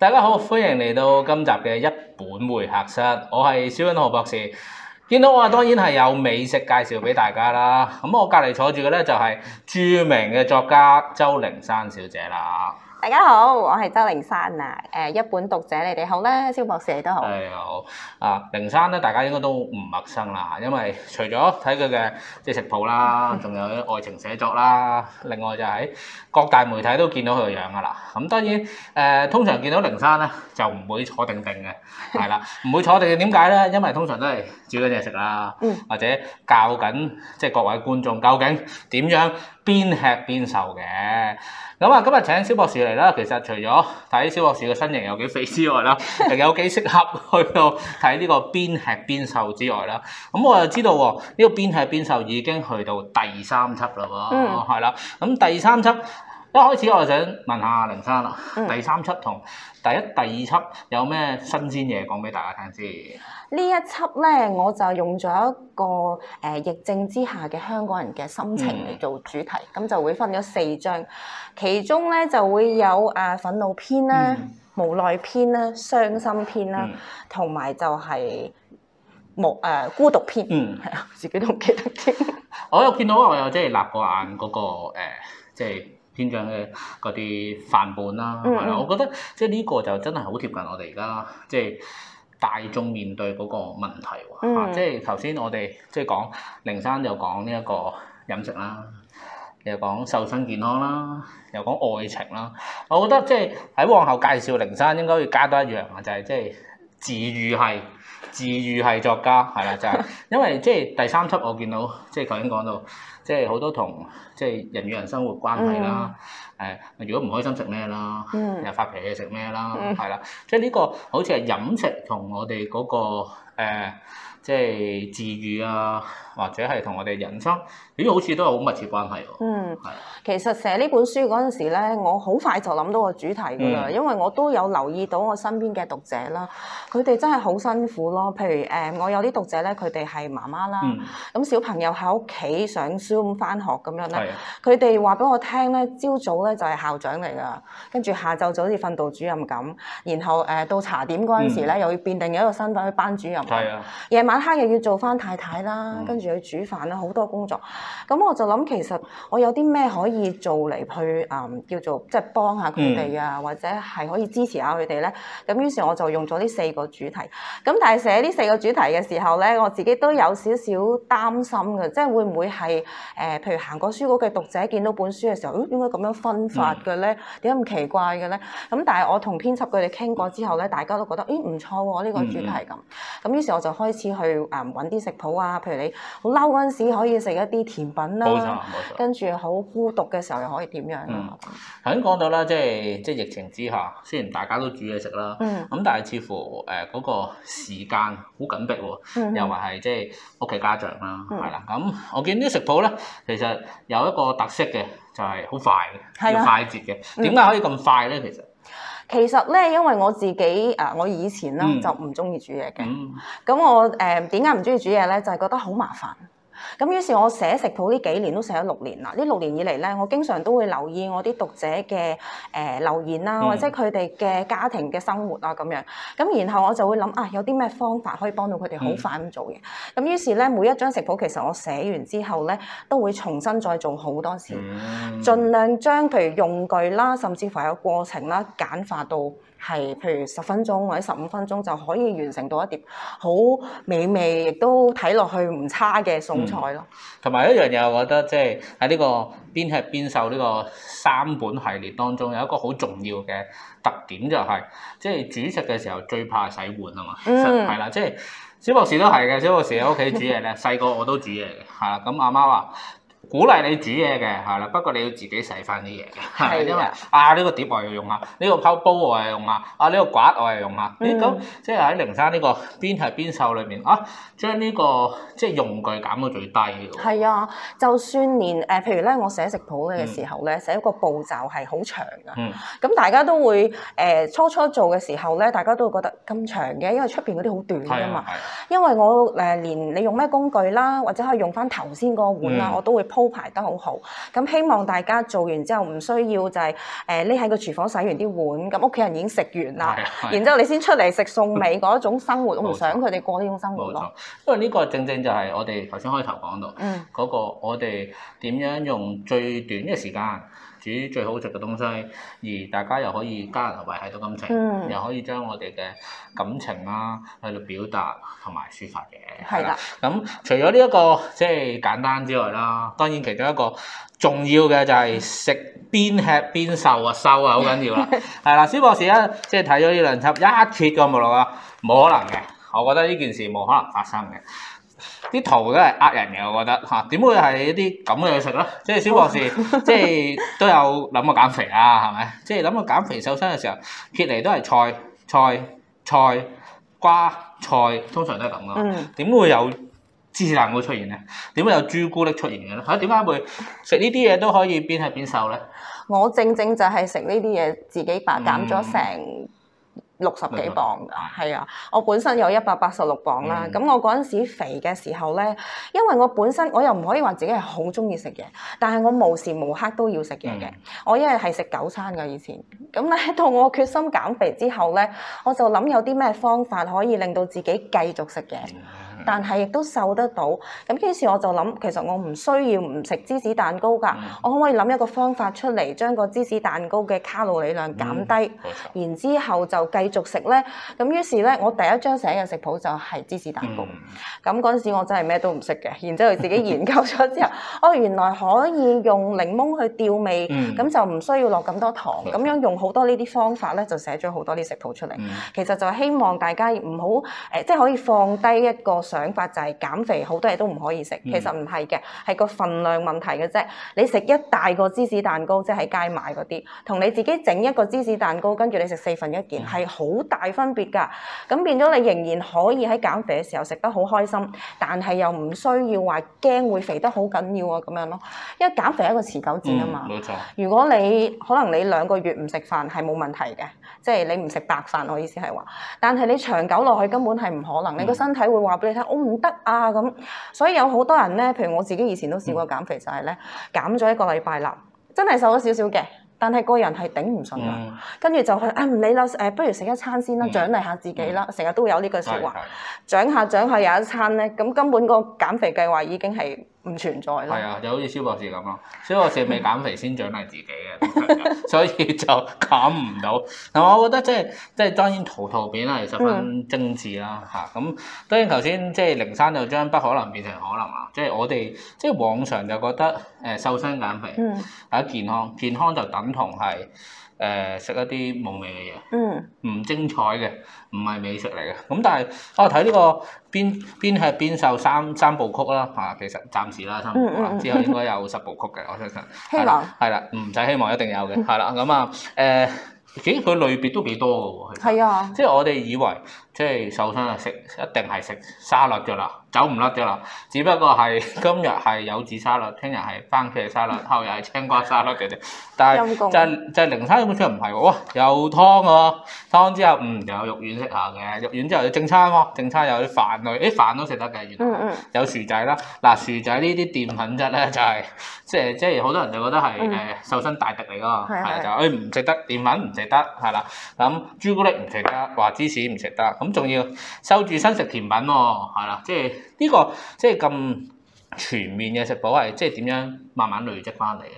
大家好，歡迎嚟到今集嘅一本會客室，我係蕭欣浩博士。見到我啊，當然係有美食介紹畀大家啦。咁我隔籬坐住嘅咧就係著名嘅作家周靈山小姐啦。大家好，我係周靈山啊！誒，一本讀者你哋好啦，蕭博士你都好。誒，好！啊，靈山咧，大家應該都唔陌生啦，因為除咗睇佢嘅即係食譜啦，仲有愛情寫作啦，另外就喺各大媒體都見到佢嘅樣噶啦。咁當然，誒，通常見到靈山咧，就唔會坐定定嘅，係啦，唔會坐定。點解咧？因為通常都係煮緊嘢食啦，或者教緊即係各位觀眾究竟點樣邊吃邊瘦嘅。咁啊，今日請蕭博士嚟啦。其實除咗睇蕭博士嘅身形有幾肥之外啦，又 有幾適合去到睇呢個邊吃邊瘦之外啦。咁我又知道喎，呢個邊吃邊瘦已經去到第三輯啦喎，係啦、嗯。咁第三輯。一開始我就想問下靈生啦，第三輯同第一、第二輯有咩新鮮嘢講俾大家聽先？呢一輯咧，我就用咗一個誒、呃、疫症之下嘅香港人嘅心情嚟做主題，咁、嗯、就會分咗四章，其中咧就會有誒、啊、憤怒篇啦、無奈篇啦、傷心篇啦，同埋就係冇誒孤獨篇。嗯，自己都唔記得添。嗯、 我有見到，我有即係、就是、立過眼嗰、那個即係。呃，就是天象嘅嗰啲範本啦，係啦，我覺得即係呢個就真係好貼近我哋而家即係大眾面對嗰個問題喎。嚇，即係頭先我哋即係講，靈山又講呢一個飲食啦，又講瘦身健康啦，又講愛情啦。我覺得即係喺往後介紹靈山，應該要加多一樣啊，就係即係治癒係。治癒系作家，係啦，就係、是、因為即係第三輯，我見到即係頭先講到，即係好多同即係人與人生活關係啦。誒、嗯，如果唔開心食咩啦，嗯、又發脾氣食咩啦，係啦、嗯，即係呢個好似係飲食同我哋嗰、那個、呃、即係治癒啊，或者係同我哋人生，咦、呃，好似都係好密切關係喎、啊。嗯，係。其實寫呢本書嗰陣時咧，我好快就諗到個主題㗎啦，嗯、因為我都有留意到我身邊嘅讀者啦，佢哋真係好辛苦咯。譬如誒、呃，我有啲讀者咧，佢哋係媽媽啦，咁、嗯、小朋友喺屋企上 Zoom 返學咁樣咧，佢哋話俾我聽咧，朝早咧就係校長嚟㗎，跟住下晝就好似訓導主任咁，然後誒到、呃、到茶點嗰陣時咧，嗯、又要變定咗一個身份去班主任，夜、啊嗯、晚黑又要做返太太啦，跟住去煮飯啦，好多工作。咁我就諗其實我有啲咩可以。可以做嚟去誒叫做即係幫下佢哋啊，或者係可以支持下佢哋咧。咁於是我就用咗呢四個主題。咁但係寫呢四個主題嘅時候咧，我自己都有少少擔心嘅，即係會唔會係誒、呃，譬如行過書館嘅讀者見到本書嘅時候，咦應該咁樣分發嘅咧，點解咁奇怪嘅咧？咁但係我同編輯佢哋傾過之後咧，大家都覺得咦唔錯喎呢個主題咁。咁於是我就開始去誒揾啲食譜啊，譬如你好嬲嗰陣時可以食一啲甜品啦、啊，跟住好讀嘅時候又可以點樣啊？頭先講到啦，即係即係疫情之下，雖然大家都煮嘢食啦，咁、嗯、但係似乎誒嗰個時間好緊迫喎，嗯、哼又或係即係屋企家長啦，係啦、嗯。咁我見啲食譜咧，其實有一個特色嘅，就係、是、好快嘅，嗯、要快捷嘅。點解可以咁快咧？其實、嗯、其實咧，因為我自己啊，我以前咧就唔中意煮嘢嘅。咁、嗯嗯、我誒點解唔中意煮嘢咧？就係、是、覺得好麻煩。咁於是，我寫食譜呢幾年都寫咗六年啦。呢六年以嚟咧，我經常都會留意我啲讀者嘅誒留言啦，或者佢哋嘅家庭嘅生活啊咁樣。咁然後我就會諗啊，有啲咩方法可以幫到佢哋好快咁做嘢。咁於、嗯、是咧，每一張食譜其實我寫完之後咧，都會重新再做好多次，盡、嗯、量將譬如用具啦，甚至乎有過程啦，簡化到。係，譬如十分鐘或者十五分鐘就可以完成到一碟好美味，亦都睇落去唔差嘅餸菜咯。同埋、嗯、一樣嘢，我覺得即係喺呢個邊吃邊瘦呢個三本系列當中，有一個好重要嘅特點就係、是，即係煮食嘅時候最怕洗碗啊嘛。係啦、嗯，即係小博士都係嘅，小博士喺屋企煮嘢咧，細個 我都煮嘢，係啦，咁阿媽話。鼓勵你煮嘢嘅係啦，不過你要自己洗翻啲嘢嘅，係因為啊呢個碟我又用啊，呢個泡煲我又用下，啊呢個刮我又用下。咁即係喺靈山呢個邊食邊瘦裏面啊，將呢個即係用具減到最低。係啊，就算連誒，譬如咧，我寫食譜嘅時候咧，寫一個步驟係好長噶。咁大家都會誒初初做嘅時候咧，大家都會覺得咁長嘅，因為出邊嗰啲好短㗎嘛。因為我誒連你用咩工具啦，或者可以用翻頭先嗰個碗啊，我都會。鋪排得好好，咁希望大家做完之後唔需要就係誒匿喺個廚房洗完啲碗，咁屋企人已經食完啦，啊啊、然之後你先出嚟食餸尾嗰一種生活，冇錯，我唔想佢哋過呢種生活咯。因為呢個正正就係我哋頭先開頭講到嗰、嗯、個，我哋點樣用最短嘅時間。煮最好食嘅東西，而大家又可以家人維係到感情，嗯、又可以將我哋嘅感情啦喺度表達同埋抒發嘅。係啦、嗯，咁的、嗯、除咗呢一個即係簡單之外啦，當然其中一個重要嘅就係食邊吃邊瘦啊，瘦啊好緊要啦。係啦， 蕭博士啊，即係睇咗呢兩輯，一揭過目錄啊，冇可能嘅，我覺得呢件事冇可能發生嘅。啲圖都係呃人嘅，我覺得，嚇，點會係一啲咁嘅嘢食咧？即係小博士，即係都有諗過減肥啊，係咪？即係諗過減肥瘦身嘅時候，結嚟都係菜、菜、菜、瓜、菜，通常都係咁咯。點會有芝士蛋糕出現咧？點會有朱古力出現嘅咧？嚇，點解會食呢啲嘢都可以邊係邊瘦咧？我正正就係食呢啲嘢，自己把減咗成嗯六十幾磅㗎，係啊！ 我本身有一百八十六磅啦，咁、嗯、我嗰陣時肥嘅時候咧，因為我本身我又唔可以話自己係好中意食嘢，但係我無時無刻都要食嘢嘅，嗯、我因為係食九餐㗎以前。咁咧到我決心減肥之後咧，我就諗有啲咩方法可以令到自己繼續食嘢。嗯但係亦都瘦得到，咁於是我就諗，其實我唔需要唔食芝士蛋糕㗎，嗯、我可唔可以諗一個方法出嚟，將個芝士蛋糕嘅卡路里量減低，嗯、然之後就繼續食呢？咁於是呢，我第一張寫嘅食譜就係芝士蛋糕，咁嗰陣時我真係咩都唔識嘅，然之後自己研究咗之後，嗯、哦原來可以用檸檬去調味，咁、嗯、就唔需要落咁多糖，咁樣用好多呢啲方法呢，就寫咗好多啲食譜出嚟。嗯、其實就希望大家唔好即係可以放低一個想法就係減肥，好多嘢都唔可以食。其實唔係嘅，係個份量問題嘅啫。你食一大個芝士蛋糕，即係喺街買嗰啲，同你自己整一個芝士蛋糕，跟住你食四份一件，係好大分別㗎。咁變咗你仍然可以喺減肥嘅時候食得好開心，但係又唔需要話驚會肥得好緊要啊咁樣咯。因為減肥係一個持久戰啊嘛。嗯，冇錯。如果你可能你兩個月唔食飯係冇問題嘅，即係你唔食白飯，我意思係話，但係你長久落去根本係唔可能，你個身體會話俾你。.我唔得啊咁，所以有好多人呢，譬如我自己以前都試過減肥，嗯、就係呢，減咗一個禮拜喇，真係瘦咗少少嘅，但係個人係頂唔順嘅，跟住、嗯、就去唔理啦，不如食一餐先啦，獎勵下自己啦，成日都有呢句説話，獎下獎下有一餐呢。咁根本個減肥計劃已經係。唔存在咯，係啊，就好似蕭博士咁咯，蕭博士未減肥先獎勵自己嘅， 所以就減唔到。嗱， 我覺得即係即係當然圖圖片係十分精緻啦，嚇咁 當然頭先即係靈山就將不可能變成可能啊，即係我哋即係往常就覺得誒瘦身減肥，嗯，啊健康健康就等同係。誒食、呃、一啲冇味嘅嘢，嗯，唔精彩嘅，唔係美食嚟嘅。咁但係，我睇呢個邊邊吃邊瘦三三部曲啦嚇，其實暫時啦三部曲啦，之後應該有十部曲嘅，嗯嗯我相信。希望係啦，唔使希望一定有嘅，係、嗯、啦。咁、嗯、啊，誒，幾佢類別都幾多嘅喎，係啊，即係我哋以為。即係瘦身啊！食一定係食沙律嘅啦，走唔甩嘅啦。只不過係今日係柚子沙律，聽日係番茄沙律，後日係青瓜沙律嘅啫。但係就是、就零、是、沙，根本上唔係喎。有湯喎、啊，湯之後嗯又有肉丸食下嘅，肉丸之後有正餐喎、啊，正餐有啲飯類，啲飯都食得嘅。原來有薯仔啦，嗱薯仔呢啲澱粉質咧就係、是、即係即係好多人就覺得係誒瘦身大敵嚟㗎，係就誒唔食得澱粉，唔食得係啦，咁朱古力唔食得，話芝士唔食得。咁仲要，收住先食甜品喎，係啦，即係呢個，即係咁全面嘅食譜，係即係點樣慢慢累積翻嚟嘅？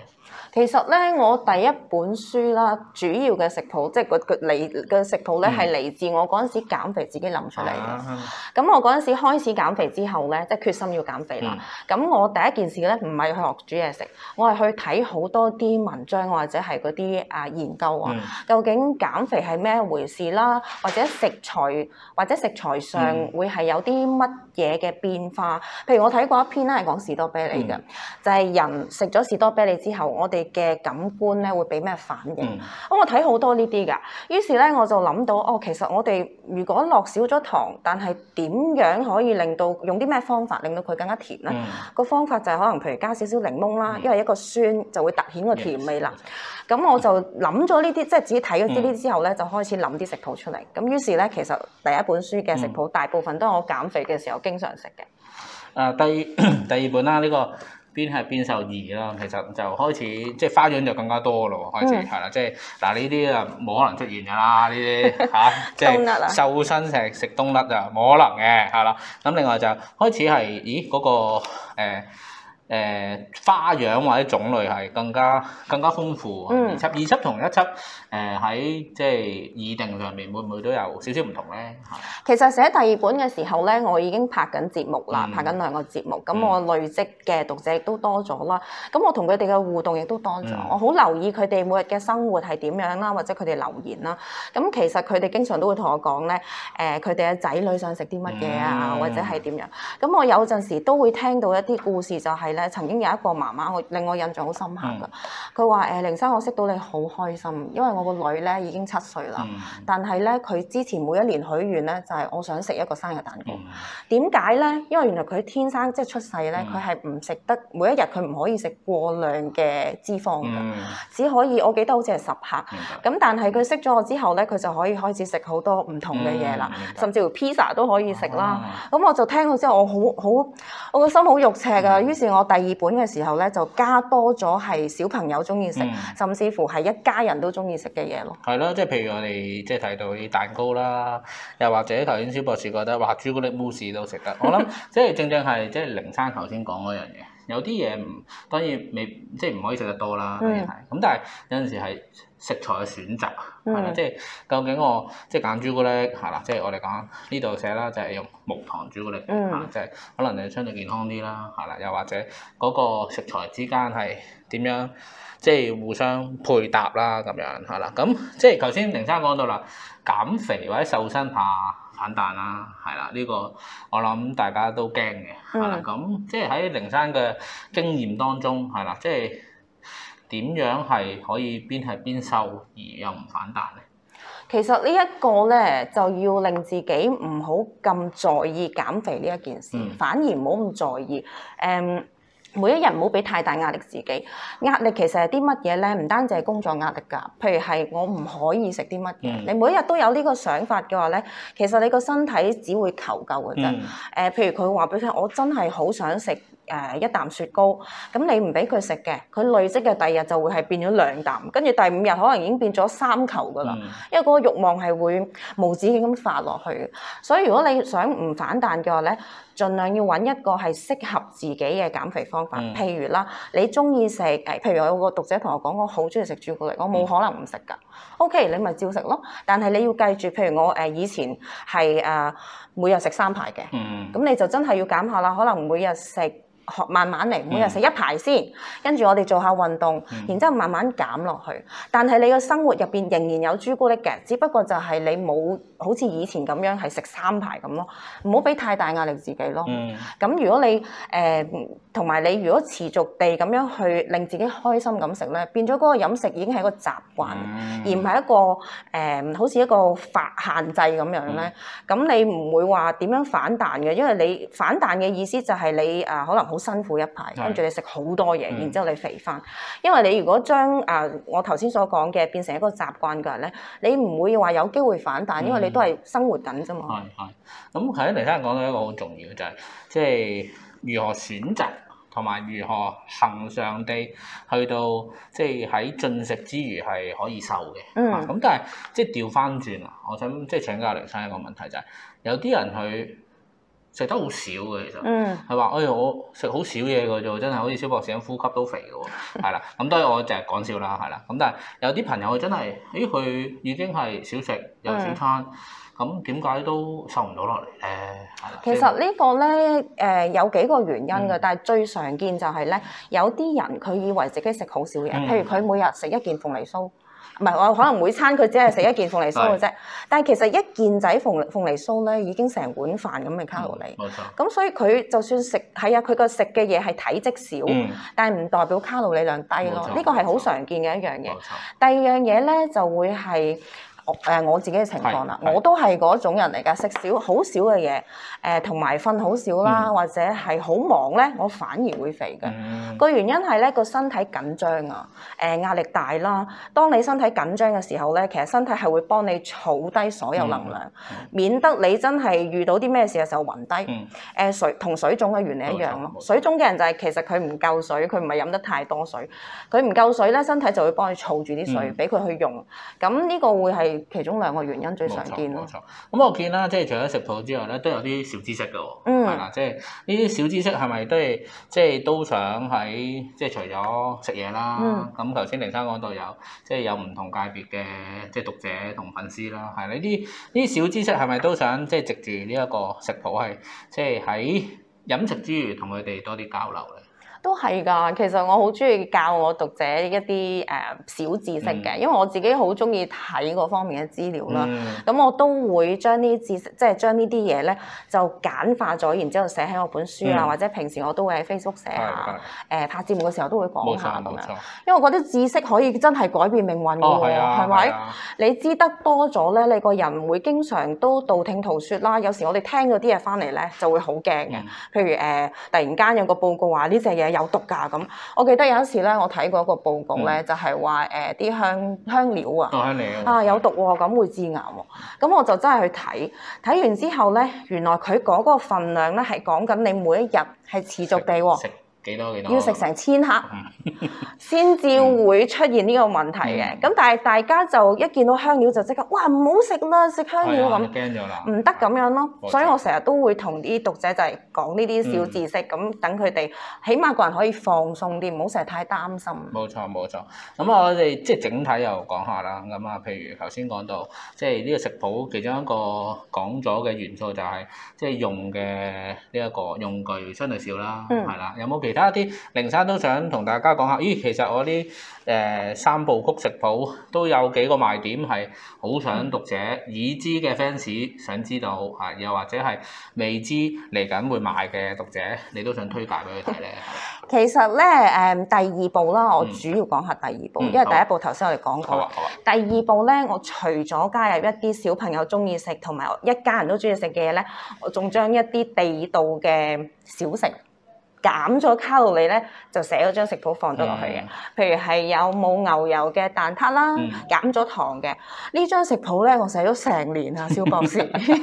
其實咧，我第一本書啦，主要嘅食譜，即係個嚟嘅食譜咧，係嚟自我嗰陣時減肥自己諗出嚟嘅。咁、啊、我嗰陣時開始減肥之後咧，即係決心要減肥啦。咁、嗯、我第一件事咧，唔係去學煮嘢食，我係去睇好多啲文章或者係嗰啲啊研究啊，嗯、究竟減肥係咩回事啦？或者食材或者食材上會係有啲乜嘢嘅變化？嗯、譬如我睇過一篇咧，係講士多啤梨嘅，嗯、就係人食咗士多啤梨之後，我哋嘅感官咧會俾咩反應？咁、嗯、我睇好多呢啲噶，於是咧我就諗到哦，其實我哋如果落少咗糖，但係點樣可以令到用啲咩方法令到佢更加甜咧？個、嗯、方法就係可能譬如加少少檸檬啦，嗯、因為一個酸就會突顯個甜味啦。咁、嗯、我就諗咗呢啲，即係自己睇咗呢啲之後咧，嗯、就開始諗啲食譜出嚟。咁於是咧，其實第一本書嘅食譜大部分都係我減肥嘅時候經常食嘅。誒、嗯啊，第第二本啦，呢、呢個。邊食邊瘦二啦？其實就開始，即係花樣就更加多咯喎！開始係啦，即係嗱呢啲啊，冇可能出現㗎啦！呢啲吓，即係瘦身食食冬甩啊，冇可能嘅係啦。咁另外就開始係，咦嗰、嗰個、呃誒花樣或者種類係更加更加豐富。嗯、二輯二輯同一輯誒喺、呃、即係議定上面會唔會都有少少唔同咧？其實寫第二本嘅時候咧，我已經拍緊節目啦，嗯、拍緊兩個節目。咁我累積嘅讀者亦都多咗啦。咁、嗯、我同佢哋嘅互動亦都多咗。嗯、我好留意佢哋每日嘅生活係點樣啦，或者佢哋留言啦。咁其實佢哋經常都會同我講咧，誒佢哋嘅仔女想食啲乜嘢啊，嗯、或者係點樣。咁我有陣時都會聽到一啲故事、就係，就係、嗯曾經有一個媽媽令我印象好深刻㗎，佢話：誒，靈山，我識到你好開心，因為我個女咧已經七歲啦。但係咧，佢之前每一年許願咧，就係我想食一個生日蛋糕。點解咧？因為原來佢天生即係出世咧，佢係唔食得每一日，佢唔可以食過量嘅脂肪㗎，只可以我記得好似係十克。咁但係佢識咗我之後咧，佢就可以開始食好多唔同嘅嘢啦，甚至乎披薩都可以食啦。咁我就聽咗之後，我好好我個心好肉赤㗎！於是，我第二本嘅時候咧，就加多咗係小朋友中意食，嗯、甚至乎係一家人都中意食嘅嘢咯。係咯，即係譬如我哋即係睇到啲蛋糕啦，又或者頭先蕭博士覺得話朱古力慕士都食得。 我諗即係正正係即係靈生頭先講嗰樣嘢，有啲嘢唔當然未即係唔可以食得多啦。咁、嗯、但係有陣時係。食材嘅選擇，係啦，即係究竟我即係揀朱古力，係啦，即係我哋講呢度寫啦，就係用木糖朱古力，嚇，就係可能你相對健康啲啦，係啦，又或者嗰個食材之間係點樣，即係互相配搭啦，咁樣，係啦，咁即係頭先靈生講到啦，減肥或者瘦身怕反彈啦，係啦，呢個我諗大家都驚嘅，係啦，咁即係喺靈生嘅經驗當中，係啦，即係。點樣係可以邊食邊瘦而又唔反彈咧？其實呢一個咧，就要令自己唔好咁在意減肥呢一件事，嗯、反而唔好咁在意。誒、嗯，每一日唔好俾太大壓力自己。壓力其實係啲乜嘢咧？唔單止係工作壓力㗎，譬如係我唔可以食啲乜嘢。嗯、你每一日都有呢個想法嘅話咧，其實你個身體只會求救㗎啫。誒、嗯，譬如佢話俾你聽，我真係好想食。誒一啖雪糕，咁你唔俾佢食嘅，佢累積嘅第二日就會係變咗兩啖，跟住第五日可能已經變咗三球噶啦。嗯、因為嗰個慾望係會無止境咁發落去嘅，所以如果你想唔反彈嘅話咧，盡量要揾一個係適合自己嘅減肥方法。嗯、譬如啦，你中意食誒，譬如我有個讀者同我講，我好中意食朱古力，我冇可能唔食噶。嗯、o、okay, K，你咪照食咯，但係你要記住，譬如我誒以前係誒每日食三排嘅，咁、嗯、你就真係要減下啦，可能每日食。學慢慢嚟，每日食一排先，跟住我哋做下運動，然之後慢慢減落去。但係你嘅生活入邊仍然有朱古力嘅，只不過就係你冇好似以前咁樣係食三排咁咯。唔好俾太大壓力自己咯。咁如果你誒同埋你如果持續地咁樣去令自己開心咁食咧，變咗嗰個飲食已經係一個習慣，嗯、而唔係一個誒、呃、好似一個法限制咁樣咧。咁你唔會話點樣反彈嘅，因為你反彈嘅意思就係你誒、呃、可能好。辛苦一排，跟住是你食好多嘢，嗯、然之後你肥翻。因為你如果將誒、啊、我頭先所講嘅變成一個習慣嘅人咧，你唔會話有機會反彈，嗯、因為你都係生活緊啫嘛。係係。咁係啊，黎生講到一個好重要嘅就係、是，即、就、係、是、如何選擇同埋如何恆常地去到，即係喺進食之餘係可以瘦嘅。嗯。咁但係即係調翻轉啊！我想即係、就是、請教黎生一個問題、就是，就係有啲人去。食得好少嘅其實，佢話、嗯：哎，我食好少嘢嘅啫，真係好似小博士咁呼吸都肥嘅喎。係啦，咁當然我淨係講笑啦、嗯，係啦。咁但係有啲朋友真係，咦、哎，佢已經係少食又少餐，咁點解都瘦唔到落嚟咧？係啦。其實呢個咧，誒有幾個原因嘅，嗯、但係最常見就係咧，有啲人佢以為自己食好少嘢，嗯、譬如佢每日食一件鳳梨酥。唔係，我可能每餐佢只係食一件鳳梨酥嘅啫， 對但係其實一件仔鳳鳳梨酥咧，已經成碗飯咁嘅卡路里。冇錯、嗯，咁所以佢就算食係啊，佢個食嘅嘢係體積少，嗯、但係唔代表卡路里量低咯。呢錯個係好常見嘅一樣嘢。錯第二樣嘢咧就會係。誒我自己嘅情況啦，我都係嗰種人嚟噶，食少好少嘅嘢，誒同埋瞓好少啦，嗯、或者係好忙咧，我反而會肥嘅。個、嗯、原因係咧，個身體緊張啊，誒、呃、壓力大啦。當你身體緊張嘅時候咧，其實身體係會幫你儲低所有能量，嗯、免得你真係遇到啲咩事嘅時候暈低。誒、嗯呃、水同水腫嘅原理一樣咯，水腫嘅人就係其實佢唔夠水，佢唔係飲得太多水，佢唔夠水咧，身體就會幫你儲住啲水俾佢、嗯、去用。咁呢個會係。其中兩個原因最常見，冇錯，咁我見啦，即係除咗食譜之外咧，都有啲小知識嘅喎。嗯。係啦，即係呢啲小知識係咪都係即係都想喺即係除咗食嘢啦。咁頭先靈山講到有，即係有唔同界別嘅即係讀者同粉絲啦。係呢啲呢小知識係咪都想即係藉住呢一個食譜係即係喺飲食之餘同佢哋多啲交流咧？都係㗎，其實我好中意教我讀者一啲誒小知識嘅，因為我自己好中意睇嗰方面嘅資料啦。咁我都會將呢啲知識，即係將呢啲嘢咧就簡化咗，然之後寫喺我本書啊，或者平時我都會喺 Facebook 寫下，誒拍節目嘅時候都會講下咁樣。因為我覺得知識可以真係改變命運㗎喎，係咪？你知得多咗咧，你個人會經常都道聽途説啦。有時我哋聽咗啲嘢翻嚟咧，就會好驚嘅。譬如誒，突然間有個報告話呢隻嘢，有毒㗎。咁，我記得有一次咧，我睇過一個報告咧，嗯、就係話誒啲香香料啊啊，啊有毒喎、啊，咁會致癌喎、啊。咁我就真係去睇，睇完之後咧，原來佢嗰個份量咧係講緊你每一日係持續地喎、啊。幾多幾多？要食成千克先至會出現呢個問題嘅。咁但係大家就一見到香料就即刻，哇唔好食啦，食香料咁，唔得咁樣咯。所以我成日都會同啲讀者就係講呢啲小知識，咁等佢哋起碼個人可以放鬆啲，唔好成日太擔心。冇錯冇錯。咁啊，我哋即係整體又講下啦。咁啊，譬如頭先講到即係呢個食譜其中一個講咗嘅元素就係即係用嘅呢一個用具，相對少啦，係啦。有冇？其他啲靈山都想同大家講下，咦、哎？其實我啲誒三部曲食譜都有幾個賣點，係好想讀者已、嗯、知嘅 fans 想知道，嚇又或者係未知嚟緊會賣嘅讀者，你都想推介俾佢睇咧？其實咧，誒第二部啦，我主要講下第二部，嗯嗯、因為第一部頭先我哋講過，好好好第二部咧，我除咗加入一啲小朋友中意食同埋一家人都中意食嘅嘢咧，我仲將一啲地道嘅小食，減咗卡路里咧，就寫咗張食譜放咗落去嘅。譬如係有冇牛油嘅蛋撻啦，減咗糖嘅呢張食譜咧，我寫咗成年啊，蕭博士，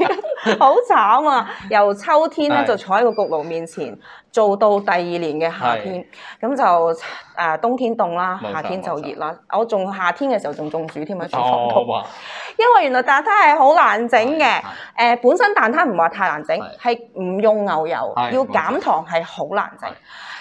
好慘啊！由秋天咧就坐喺個焗爐面前。是面前做到第二年嘅夏天，咁是就誒、呃、冬天凍啦，夏天就熱啦。錯我仲夏天嘅時候仲中暑添啊，中風錯、哦、因為原來蛋撻係好難整嘅，誒、呃、本身蛋撻唔話太難整，係唔是用牛油，是要減糖係好難整。是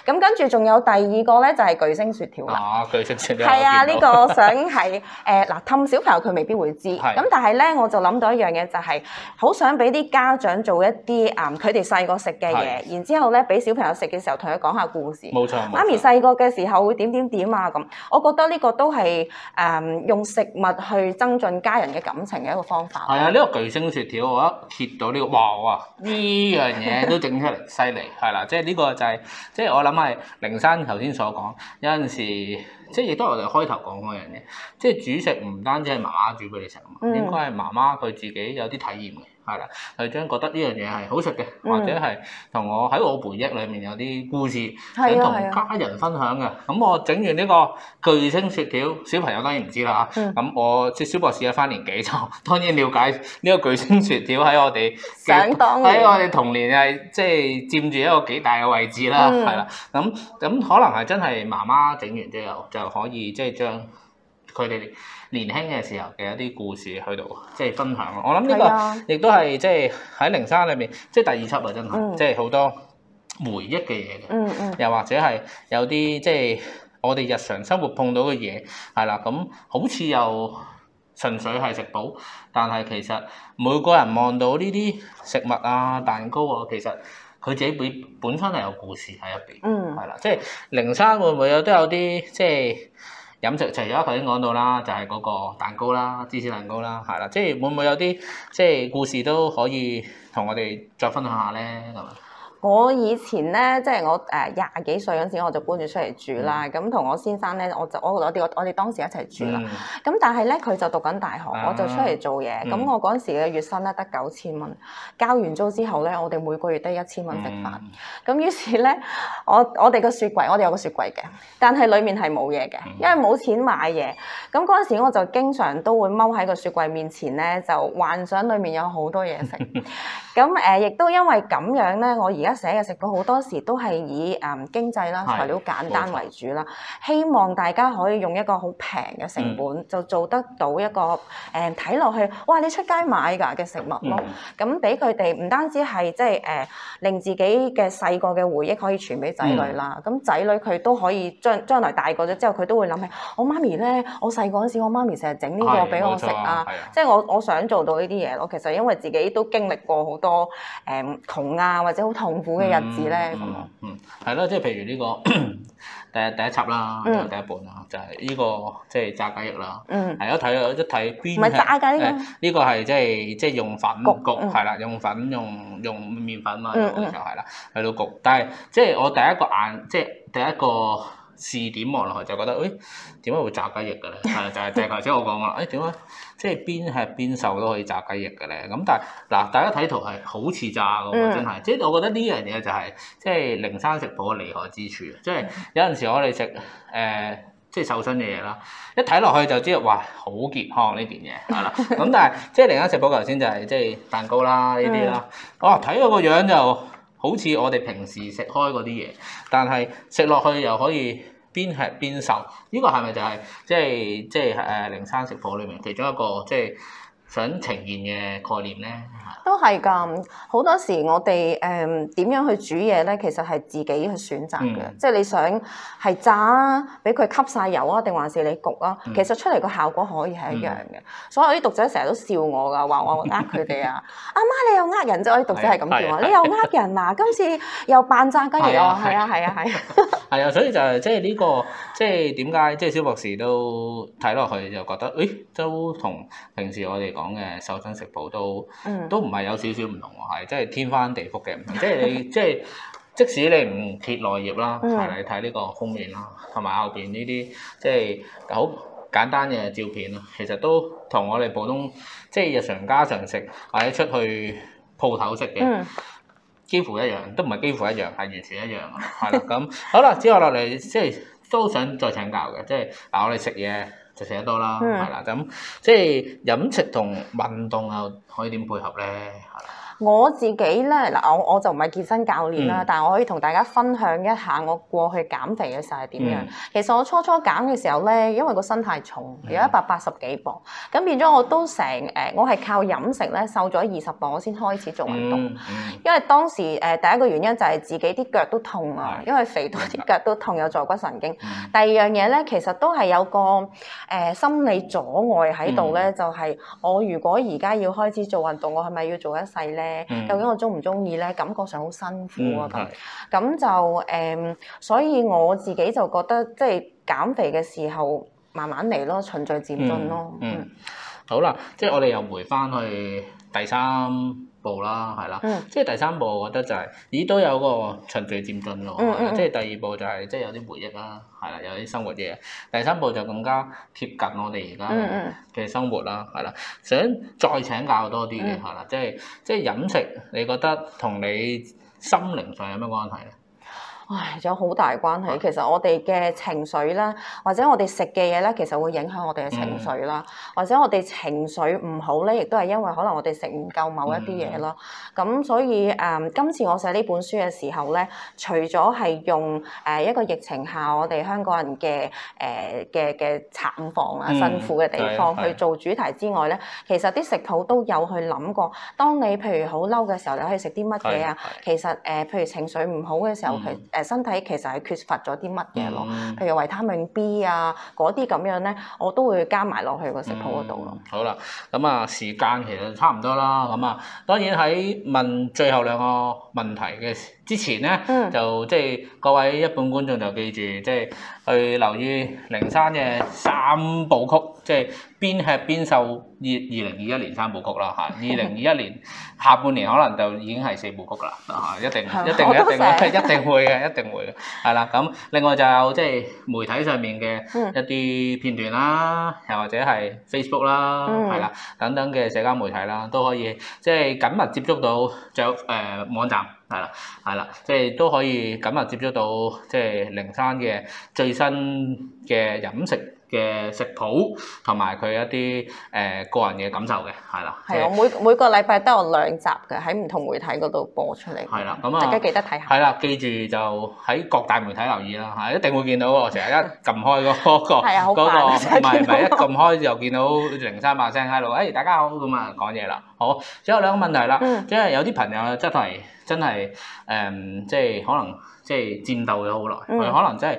咁跟住仲有第二個咧，就係巨星雪條啊！巨星雪條係啊，呢個想係誒嗱，氹小朋友佢未必會知。咁但係咧，我就諗到一樣嘢，就係好想俾啲家長做一啲誒，佢哋細個食嘅嘢，然之後咧俾小朋友食嘅時候，同佢講下故事。冇錯，媽咪細個嘅時候會點點點啊咁，我覺得呢個都係誒用食物去增進家人嘅感情嘅一個方法。係啊，呢個巨星雪條我一揭到呢個，哇哇呢樣嘢都整出嚟，犀利係啦！即係呢個就係即係我諗。因為靈山頭先所講，有陣時即係亦都係我哋開頭講嗰樣嘢，即係煮食唔單止係媽媽煮俾你食啊嘛，應該係媽媽佢自己有啲體驗嘅。係啦，係將覺得呢樣嘢係好食嘅，嗯、或者係同我喺我回憶裏面有啲故事，的想同家人分享嘅。咁的我整完呢個巨星雪條，小朋友當然唔知啦嚇。咁、嗯、我即係蕭博士嘅翻年紀就當然了解呢個巨星雪條喺我哋喺、嗯、我哋童年係即係佔住一個幾大嘅位置啦，係啦、嗯。咁咁可能係真係媽媽整完之後就可以即係將。佢哋年輕嘅時候嘅一啲故事喺度，即係分享。我諗呢個亦都係即係喺靈山裏面，即係第二輯啊，真係、嗯，即係好多回憶嘅嘢、嗯。嗯嗯。又或者係有啲即係我哋日常生活碰到嘅嘢，係啦。咁好似又純粹係食到，但係其實每個人望到呢啲食物啊、蛋糕啊，其實佢自己本本身係有故事喺入邊。嗯。係啦，即係靈山會唔會有都有啲即係？飲食除咗家頭先講到啦，就係、是、嗰個蛋糕啦，芝士蛋糕啦，係啦，即係會唔會有啲即係故事都可以同我哋再分享下咧？係嘛？我以前咧，即係我誒廿幾歲嗰陣時我、嗯我，我就搬住出嚟住啦。咁同我先生咧，我就我我哋我哋當時一齊住啦。咁、嗯、但係咧，佢就讀緊大學，我就出嚟做嘢。咁、嗯、我嗰陣時嘅月薪咧得九千蚊，交完租之後咧，我哋每個月得一千蚊食飯。咁於、嗯、是咧，我我哋個雪櫃，我哋有個雪櫃嘅，但係裡面係冇嘢嘅，因為冇錢買嘢。咁嗰陣時我就經常都會踎喺個雪櫃面前咧，就幻想裡面有好多嘢食。 咁誒，亦、呃、都因為咁樣咧，我而家，寫嘅食譜好多時都係以誒、嗯、經濟啦、材料簡單為主啦，希望大家可以用一個好平嘅成本、嗯、就做得到一個誒睇落去，哇！你出街買㗎嘅食物咯，咁俾佢哋唔單止係即係誒令自己嘅細個嘅回憶可以傳俾仔女啦，咁仔、嗯、女佢都可以將將來大個咗之後，佢都會諗起我媽咪咧，我細個嗰陣時，我媽咪成日整呢個俾我食啊，即係我我想做到呢啲嘢咯。其實因為自己都經歷過好多誒、嗯、窮啊，或者好痛苦嘅日子咧，咁啊、嗯，嗯，係、嗯、咯，即係譬如呢、這個第第一輯啦，嗯、第一本啦，就係、是、呢、這個即係、就是、炸雞翼啦，係、嗯、一睇一睇唔係炸雞翼，呢、這個係即係即係用粉焗係啦、嗯，用粉用用麵粉嘛，就係啦，係咯、嗯嗯、焗，但係即係我第一個眼，即、就、係、是、第一個。試點望落去就覺得，誒，點解會炸雞翼嘅咧？係 就係就係頭先我講啦，誒，點解即係邊吃邊瘦都可以炸雞翼嘅咧？咁但係嗱，大家睇圖係好似炸咁真係。即係我覺得呢樣嘢就係、是、即係靈山食譜嘅厲害之處即係有陣時我哋食誒，即係、呃、瘦身嘅嘢啦，一睇落去就知道哇，好健康呢邊嘢係啦。咁但係即係靈山食譜頭先就係即係蛋糕啦呢啲啦，哦、 啊，睇到個樣就～好似我哋平時食開嗰啲嘢，但係食落去又可以邊吃邊瘦。呢、這個係咪就係即係即係誒靈山食譜裏面其中一個即係，就是想呈現嘅概念咧，都係咁。好多時我哋誒點樣去煮嘢咧，其實係自己去選擇嘅。嗯、即係你想係炸啊，俾佢吸晒油啊，定還是你焗啊？其實出嚟個效果可以係一樣嘅。嗯、所以啲讀者成日都笑我㗎，話我呃佢哋啊。阿、 啊、媽你又呃人啫，我啲讀者係咁叫話，你又呃人啊？今次又扮炸雞，你又係啊，係啊，係。 係啊，所以就係即係呢個，即係點解即係蕭博士都睇落去就覺得，誒都同平時我哋講嘅瘦身食譜都、嗯、都唔係有少少唔同喎，係即係天翻地覆嘅唔同。即係 你即係即使你唔揭內頁啦，係、嗯、你睇呢個封面啦，同埋後邊呢啲即係好簡單嘅照片啊，其實都同我哋普通即係、就是、日常家常食或者出去鋪頭食嘅。嗯幾乎一樣，都唔係幾乎一樣，係完全一樣啊！係啦， 咁好啦，之後落嚟即係都想再請教嘅，即係嗱、啊，我哋食嘢就食得多啦，係啦， 咁即係飲食同運動又可以點配合咧？係啦。我自己咧，嗱我我就唔係健身教練啦，嗯、但係我可以同大家分享一下我過去減肥嘅時候係點樣，嗯、其實我初初減嘅時候咧，因為個身太重，有一百八十幾磅，咁、嗯、變咗我都成誒我係靠飲食咧瘦咗二十磅，我先開始做運動，嗯、因為當時誒、呃、第一個原因就係自己啲腳都痛啊，嗯、因為肥到啲腳都痛，有坐骨神經，嗯、第二樣嘢咧，其實都係有個誒、呃、心理阻礙喺度咧，就係、是、我如果而家要開始做運動我係咪要做一世咧？嗯、究竟我鍾唔鍾意咧？感覺上好辛苦啊！咁咁、嗯、就誒，um, 所以我自己就覺得，即、就、係、是、減肥嘅時候，慢慢嚟咯，循序漸進咯、嗯。嗯，好啦，即係我哋又回返去第三部啦，係啦、嗯，即係第三步，我覺得就係，咦都有個循序漸進咯，即係第二步就係，即係有啲回憶啦，係啦，有啲生活嘢，第三步就更加貼近我哋而家嘅生活啦，係啦，想再請教多啲，嘅，係啦，即係即係飲食，你覺得同你心靈上有咩關係咧？唉，有好大關係。其實我哋嘅情緒啦，或者我哋食嘅嘢咧，其實會影響我哋嘅情緒啦。嗯、或者我哋情緒唔好咧，亦都係因為可能我哋食唔夠某一啲嘢咯。咁、嗯嗯、所以誒，今、嗯、次我寫呢本書嘅時候咧，除咗係用誒、呃、一個疫情下我哋香港人嘅誒嘅嘅慘況啊、辛苦嘅地方去做主題之外咧，其實啲食譜都有去諗過。當你譬如好嬲嘅時候，你可以食啲乜嘢啊？嗯嗯、其實誒、呃，譬如情緒唔好嘅時候，佢、嗯。嗯嗯嗯誒身體其實係缺乏咗啲乜嘢咯，嗯、譬如維他命 B 啊，嗰啲咁樣咧，我都會加埋落去個食譜嗰度咯。好啦，咁、嗯、啊時間其實差唔多啦，咁、嗯、啊當然喺問最後兩個問題嘅之前咧，嗯、就即係各位一般觀眾就記住，即係去留意靈山嘅三部曲。即係邊吃邊瘦，二二零二一年三部曲啦嚇，二零二一年下半年可能就已經係四部曲噶啦嚇，一定 一定 一定一定會嘅，一定會嘅，係啦。咁另外就有即係媒體上面嘅一啲片段啦，又、嗯、或者係 Facebook 啦，係啦、嗯，等等嘅社交媒體啦，都可以即係、就是、緊密接觸到，仲有誒網站係啦係啦，即係、就是、都可以緊密接觸到即係靈山嘅最新嘅飲食。嘅食譜同埋佢一啲誒個人嘅感受嘅，係啦。係啊，每每個禮拜都有兩集嘅，喺唔同媒體嗰度播出嚟。係啦，咁啊，大家記得睇下。係啦，記住就喺各大媒體留意啦，係一定會見到。我成日一撳開嗰個，嗰個唔係唔係一撳開就見到零三百聲喺度。誒，大家好咁啊，講嘢啦，好。最後兩個問題啦，即係有啲朋友真係真係誒，即係可能即係戰鬥咗好耐，佢可能真係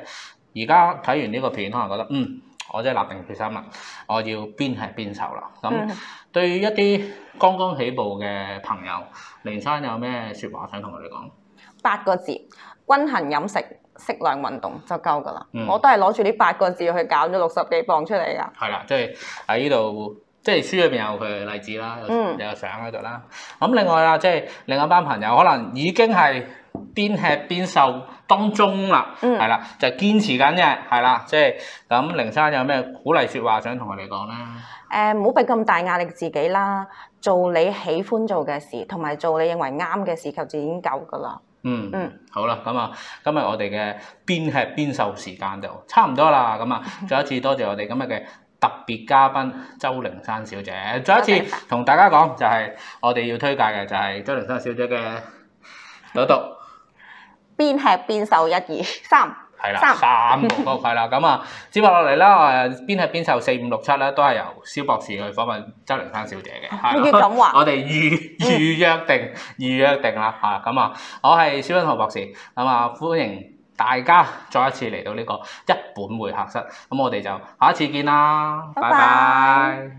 而家睇完呢個片，可能覺得嗯。我即係立定決心啦，我要邊吃邊瘦啦。咁、嗯、對於一啲剛剛起步嘅朋友，靈山有咩説話想同佢哋講？八個字，均衡飲食、適量運動就夠噶啦。嗯、我都係攞住呢八個字去減咗六十幾磅出嚟噶。係啦，即係喺呢度，即、就、係、是、書裏邊有佢嘅例子啦，有相喺度啦。咁、嗯、另外啊，即、就、係、是、另一班朋友可能已經係邊吃邊瘦。當中啦，係啦、嗯，就堅、是、持緊啫，係啦，即係咁。靈山有咩鼓勵説話想同我哋講咧？誒、呃，唔好俾咁大壓力自己啦，做你喜歡做嘅事，同埋做你認為啱嘅事，其實已經夠噶啦。嗯邊邊嗯，好啦、嗯，咁啊，今日我哋嘅邊吃邊瘦時間就差唔多啦。咁啊，再一次多謝我哋今日嘅特別嘉賓周靈山小姐，嗯、再一次同大家講，就係我哋要推介嘅就係周靈山小姐嘅朵。讀。 邊吃邊瘦一二三，係啦了，三個模塊啦。咁啊， 接落嚟啦，誒，邊吃邊瘦四五六七咧，都係由蕭博士去訪問周靈山小姐嘅。唔敢話，我哋預預約定，預約定啦。吓，咁、嗯、啊、嗯，我係蕭欣浩博士，咁、嗯、啊，歡迎大家再一次嚟到呢個一本會客室。咁我哋就下一次見啦，拜拜。